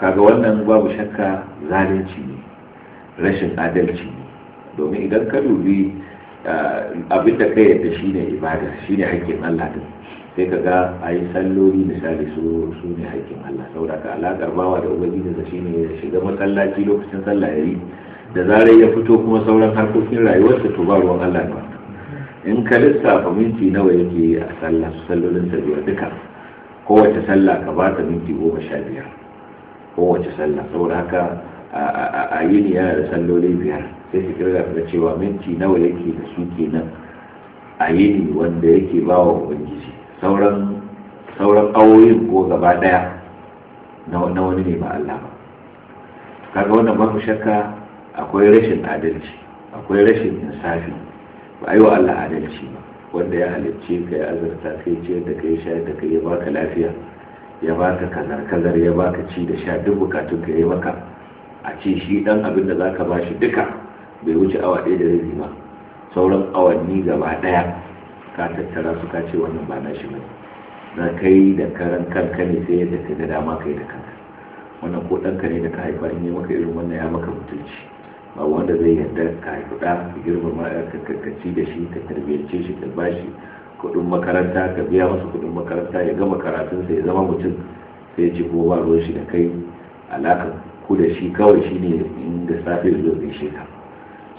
kaga wannan babu shakka zalunci ne rashin adalci ne domin idan ka dubi eh, abin da ka yadda shine ibada shine haƙƙin Allah din sai ka ga a yi salloli misali su su ne haƙƙin Allah saboda ka alaƙar bawa da ubangiji da shine ya shiga masallaci lokacin sallah ya yi da zarar ya fito kuma sauran harkokin rayuwarsa to ba ruwan Allah ne in ka lissafa minti nawa yake a sallah sallolin sa biyar duka kowace sallah ka ba ta minti goma sha biyar kowace sallah saboda haka a yini yana da salloli biyar sai su kirga da cewa minti nawa yake da su kenan a yini wanda yake ba wa ubangiji sauran awoyin ko gaba ɗaya na wani ne ba Allah ba kaga wannan babu shakka akwai rashin adalci akwai rashin insafi ba a yi wa Allah adalci ba wanda ya halicce ka ya azarta kai ce da kai shayar da kai ya baka lafiya ya baka kazar kazar ya baka ci da sha duk bukatun ka yi maka a ci shi dan abin da zaka shi duka bai wuce awa ɗaya da rabi ba sauran awanni gaba ɗaya ka tattara su ka ce wannan ba na shi ba na kai da karan kanka ne sai yadda ka ga dama kai da kanka wannan ko ɗanka ne da ka haifa in yi maka irin wannan ya maka mutunci ba wanda zai yarda ka haifi ɗa ka girmama ka ci da shi ka tarbiyyance shi ka bashi kudin makaranta ka biya masa kudin makaranta ya gama sa ya zama mutum sai ci ko ba ruwan shi da kai alaka ku da shi kawai shi ne in da safe zo zai shi ka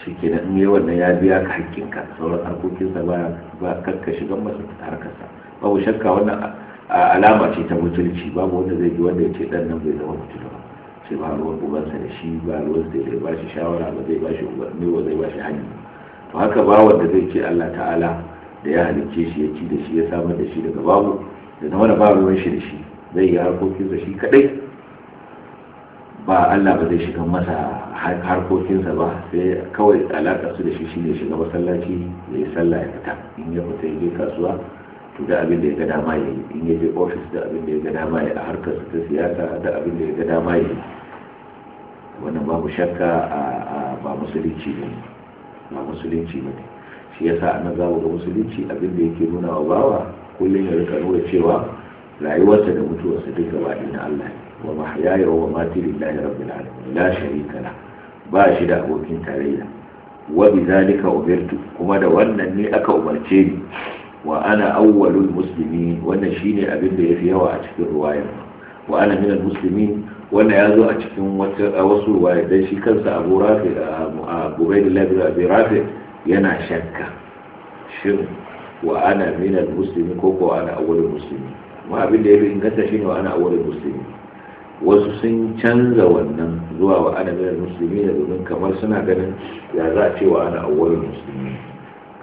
shi ke in yi wannan ya biya ka ka sauran harkokinsa ba ba kakka shigan masa harkarsa babu shakka wannan alama ce ta mutunci babu wanda zai ji wanda ya ce dan nan bai zama mutum ba sai ba ruwan ubansa da shi ba ruwan sai zai ba shi shawara ba zai ba shi umarni ba zai ba shi hanyar to haka ba wanda zai ce Allah ta'ala da ya halicce shi ya ci da shi ya samar da shi daga babu da zama da babu ruwan shi da shi zai yi harkokinsa shi kadai ba Allah ba zai shiga masa harkokinsa ba sai kawai alaƙa su da shi shi ne shiga masallaci ya sallah ya fita in ya fita ya je kasuwa to da abin da ya ga dama ya yi in ya je ofis da abin da ya ga dama ya a harkar ta siyasa da abin da ya ga dama yi wannan babu shakka ba musulunci ba musulunci ne shi ya sa na zamu ga musulunci abin da yake nuna wa bawa kullum ya rika nuna cewa rayuwarsa da mutuwarsa duk gaba na Allah ne wa mahyaya wa mamati lillahi rabbil alamin la sharika la ba shi da abokin tarayya wa bizalika umirtu kuma da wannan ne aka umarce ni wa ana awwalul muslimin wannan shine abin da yafi yawa a cikin ruwayar wa ana minal muslimin wannan ya zo a cikin wasu ruwayar dan shi kansa Abu Rafi Abu Ubaidillah bin yana shakka shin wa ana minal muslimi ko ko ana awwalul muslimi amma abin da yafi inganta ne wa ana awwalul muslimi wasu sun canza wannan zuwa wa ana minal muslimi da domin kamar suna ganin ya za a ce wa ana awwalul muslimi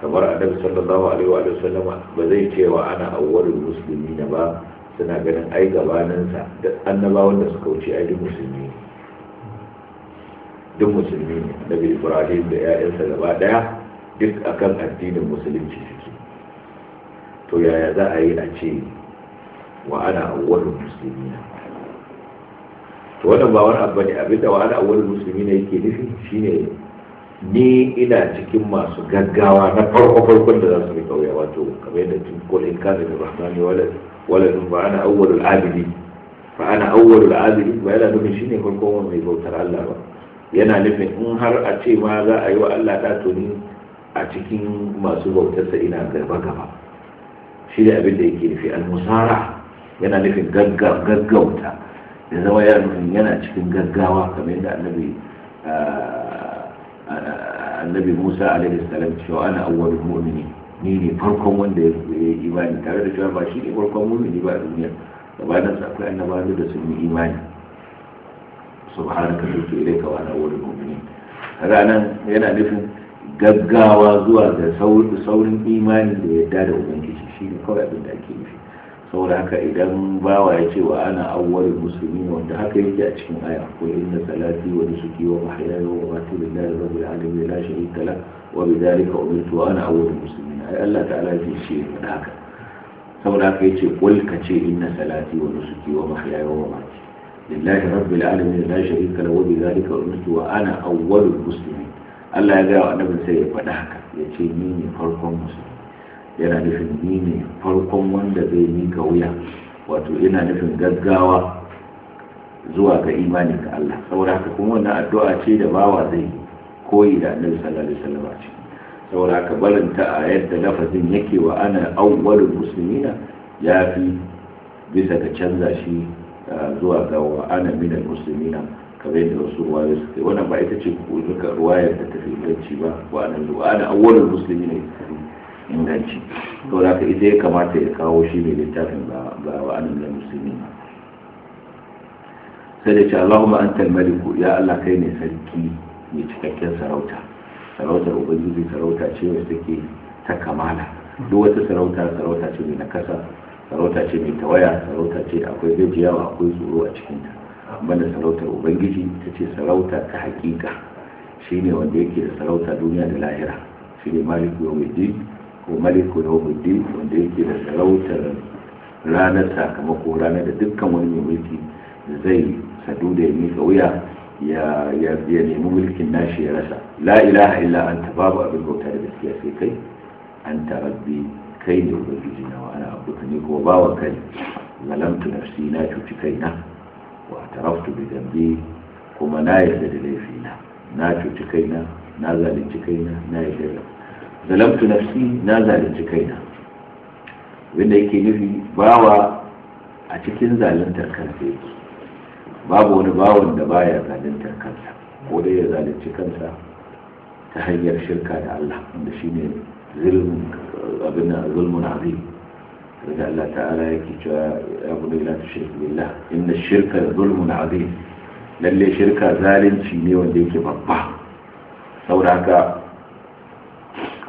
kamar annabi sallallahu alaihi wa sallam ba zai ce wa ana awwalul muslimi na ba suna ganin ai gabaninsa da annabawan da suka wuce ai duk musulmi duk musulmi ne daga ibrahim da 'ya'yansa gaba daya duk akan addinin musulunci suke to yaya za a yi a ce wa ana awwalul muslimina to wannan ba wani abu ne abinda wa ana awwalul muslimina yake nufi shine ni ina cikin masu gaggawa na farko farkon da za su rika wuya wato kamar yadda tun kola in kana da rahmani wala wala ba ana awwalul abidi fa ana awwalul abidi ba yana nufin shine farkon mai bautar Allah ba yana nufin in har a ce ma za a yi wa Allah da to ni a cikin masu bautarsa ina garba gaba shi da abin da yake nufi almusara yana nufin gaggauta da zama yana nufin yana cikin gaggawa kamar yadda annabi ah, ah, annabi Musa alaihi salam cewa ana awwalul mu'mini ni ne farkon wanda ya yi imani tare da cewa ba shi ne farkon mu'mini ba a duniya gabanin sa akwai annabawa da sun yi imani subhanaka tutu ilaika wa ana awwalul mu'minin ranan yana nufin gaggawa zuwa ga saurin imani da yadda da ubangiji shi ne kawai abin da ake nufi saboda haka idan bawa ya ce wa ana awwalul musulmi wanda haka yake a cikin aya ko inna salati wa nusuki wa mahyaya wa mamati lillahi rabbil alamin la sharika la wa bidhalika umirtu wa ana awwalul musulmi ai Allah ta'ala ya ce haka saboda haka yace kul ka ce inna salati wa nusuki wa mahyaya wa mamati lillahi rabbil alamin la sharika la wa bidhalika umirtu wa ana awwalul musulmi. Allah ya gaya wa annabin sai ya faɗa haka ya ce ni ne farkon musulmi yana nufin ni ne farkon wanda zai mika wuya wato ina nufin gaggawa zuwa ga imani ga Allah saboda haka kuma wannan addu'a ce da bawa zai koyi da annabi sallallahu alaihi wasallam ce saboda haka barin ta a yadda lafazin yake wa ana awwalul muslimina yafi bisa ga canza shi eh, zuwa ga wa ana minal muslimina kamar yadda wasu ruwa su kai wannan ba ita ce kuka ruwayar da tafi inganci ba wa nan zuwa da awwalul musulmi ne inganci to da ka ita ya kamata ya kawo shi ne littafin ba ba wa anan da musulmi sai da ce Allahumma antal maliku ya Allah kai ne sarki mai cikakken sarauta sarautar ubangiji sarauta ce wacce take ta kamala duk wata sarauta sarauta ce mai nakasa sarauta ce mai tawaya sarauta ce akwai gajiyawa akwai tsoro a cikinta amma da sarautar ubangiji ta ce sarauta ta hakika shine wanda yake da sarauta duniya da lahira shine maliku yawmiddin ko maliku yawmiddin wanda yake da sarautar ranar sakamako ranar da dukkan wani mai mulki zai sadu da ya mika wuya ya ya nemi mulkin nashi ya rasa la ilaha illa anta babu abin bauta da gaskiya sai kai anta rabbi kai ne ubangiji na wa ana abu ne ko bawa kai zalamtu nafsi na cuci kaina wa taraftu bi dambi kuma na yarda da laifina na cuci kaina na zalunci kaina na na zalunci kaina wanda yake nufi bawa a cikin zaluntar kansa yake babu wani bawan da baya zaluntar kansa ko dai ya zalunci kansa ta hanyar shirka da Allah wanda shine zulmun abin zulmun azim da Allah ta'ala yake cewa ya gudu ila tushrik billah inna shirka da zulmun azim lalle shirka zalunci ne wanda yake babba saboda haka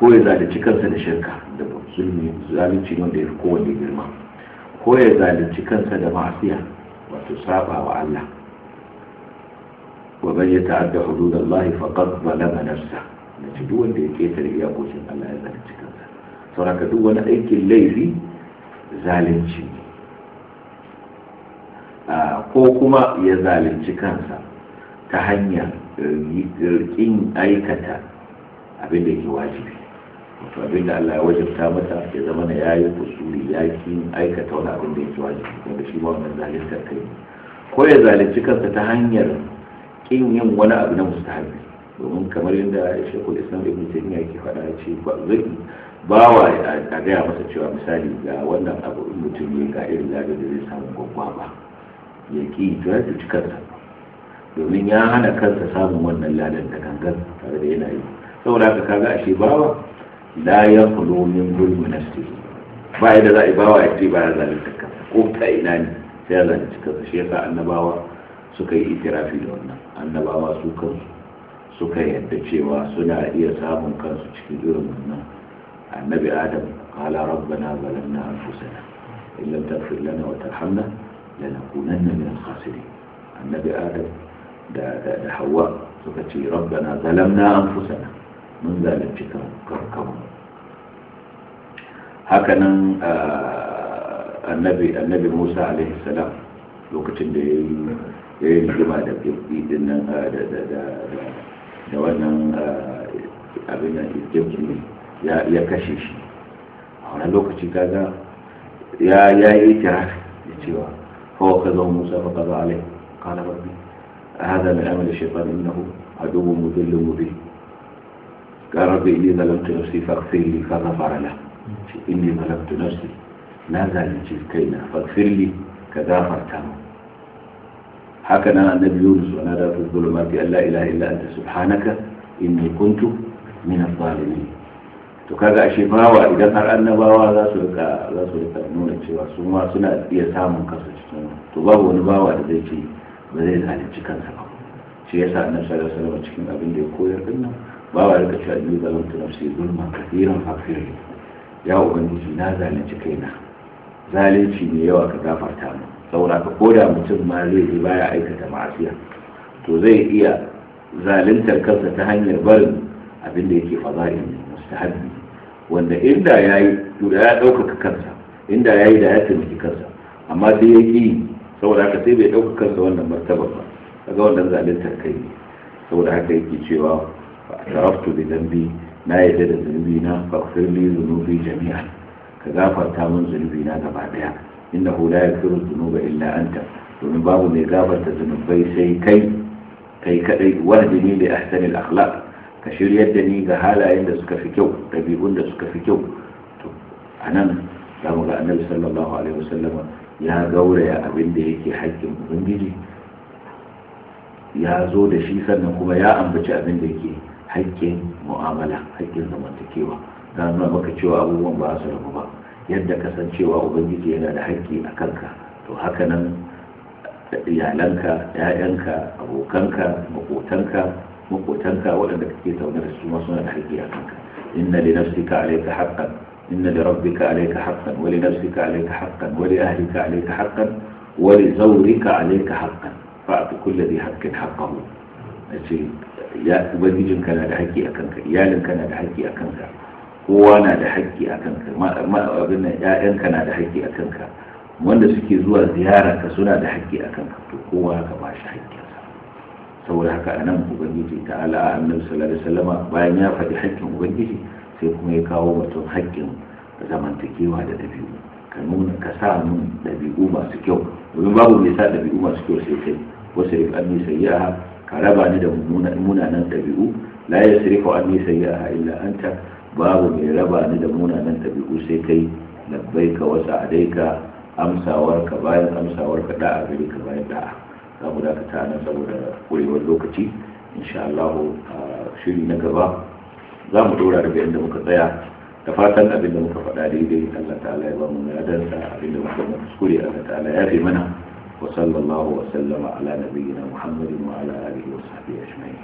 ko ya zalunci kansa da shirka da zulmi zalunci ne wanda ya fi kowanne girma ko ya zalunci kansa da ma'asiya wato saba wa Allah wa man yata'adda hududallahi faqad zalama nafsa da duk wanda ya ketare iyakokin Allah ya zalunci kansa saboda haka duk wani aikin laifi zalunci ah, ko kuma ya zalunci kansa ta hanyar rikin eh, aikata abin da ke wajibi wato abin da Allah ya ta masa ya zama na yayi kusuri ya ki aikata wani abin da ya ke wajibi wanda shi ba wannan zalunta yi ko ya zalunci kansa ta hanyar kin yin wani abu na hannu domin kamar yadda shekul islam ibn taymiya yake faɗa ya ce ba zai wa a gaya masa cewa misali ga wannan abu in mutum ya ga irin zaɓe da zai samu ba ya ki ya kansa domin ya hana kansa samun wannan ladan da gangan tare da yana yi saboda haka kaga shi bawa la ya kulo min gulmi su ba yadda za a yi bawa ya ce ba ya da kansa ko ta ina ne sai ya zalunci kansa shi yasa annabawa suka yi itirafi da wannan annabawa su kansu suka yadda cewa suna iya samun kansu cikin irin wannan النبي آدم قال ربنا ظلمنا أنفسنا إن لم تغفر لنا وترحمنا لنكونن من الخاسرين النبي آدم ده, حواء سكتي ربنا ظلمنا أنفسنا من ذلك كركم هكذا النبي النبي موسى عليه السلام ده ده ده ده ده ده ده ده ده ده ده ده ده ده ده ya kashe shi a wani lokaci kaga ya ya yi tirar da cewa fawa kaza musa fa kaza alai kana rabbi هذا من عمل الشيطان إنه عدو مذل مبين قال ربي إني ظلمت نفسي فاغفر لي فغفر له إني ظلمت نفسي na zalunci kaina fakfirli ka gafarta mu haka nan annabi yunus wa nada fi zulumati alla ilaha illa anta subhanaka inni kuntu min adh-dhalimin to kaga ashe bawa idan har annabawa za su rika za su rika nuna cewa su ma suna iya samun kansu cikin to babu wani bawa da zai ce ba zai zalunci kansa ba shi yasa annabi sallallahu alaihi cikin abin da ya koyar din nan bawa rika cewa zalun zalunta nafsi zulma kathiran faghfir ya ubangiji na zalunci kaina zalunci ne yawa ka gafarta mu saboda ka koda mutum ma zai yi baya aikata ma'asiya to zai iya zaluntar kansa ta hanyar barin abin da yake fada'in mustahabi wanda inda ya yi da ya ɗaukaka kansa inda ya yi da ya taimaki kansa amma sai ya ƙi saboda haka sai bai ɗaukaka kansa wannan martaba ba kaga wannan zabintar kai ne saboda haka yake cewa taraftu da zambi na yadda da zunubi na faghfir zunubi jami'a ka gafarta min zunubi na gaba daya innahu la yaghfiru dhunuba illa anta domin babu mai gafarta zunubai sai kai kai kadai wahdini li ahsani al-akhlaq ka shiryar da ni ga halayen da suka fi kyau ɗabi'un da suka fi kyau to a nan za mu ga annabi sallallahu alaihi wasallama ya gauraya abin da yake haƙƙin ubangiji ya zo da shi sannan kuma ya ambaci abin da yake hakkin mu'amala hakkin zamantakewa na nuna maka cewa abubuwan ba su rabu ba yadda kasancewa ubangiji yana da hakki a kanka to haka nan iyalanka 'ya'yanka abokanka maƙotanka maƙotanka waɗanda kake zaune da su masu da haƙƙi a kanka inna li nafsika alayka haqqan inna li rabbika alayka haqqan wa li nafsika alayka haqqan wa li ahlika alayka haqqan wa li zawrika alayka haqqan fa ati kulli dhi haqqin haqqahu ce ya ubangijin kana da haƙƙi a kanka iyalin kana da haƙƙi a kanka kowa na da haƙƙi a kanka abin ƴaƴanka na da haƙƙi a kanka wanda suke zuwa ziyara ka suna da haƙƙi a kanka to kowa ka ba shi haƙƙi saboda haka a nan ubangiji ta ala annabi sallallahu bayan ya faɗi haƙƙin ubangiji sai kuma ya kawo mutum haƙƙin zamantakewa da ɗabi'u ka nuna ka sa nun dabi'u masu kyau domin babu mai sa ɗabi'u masu kyau sai kai wasu rif an sayyaha ka raba ni da munanan dabi'u la yasrifu an sayyaha illa anta babu mai raba ni da munanan dabi'u sai kai ka wasa adaika amsawarka bayan amsawarka da'a gari ka bayan da'a Kamu da dakata nan saboda kurewar lokaci Inshaallahu Allah shiri na gaba za mu dora daga inda muka tsaya da fatan abin da muka faɗa daidai Allah ta'ala ya ba mu nadarsa abin da muka na kuskure Allah ta'ala ya fi mana wa sallallahu wa sallama ala nabiyyina Muhammadin wa ala alihi wa sahbihi ajma'in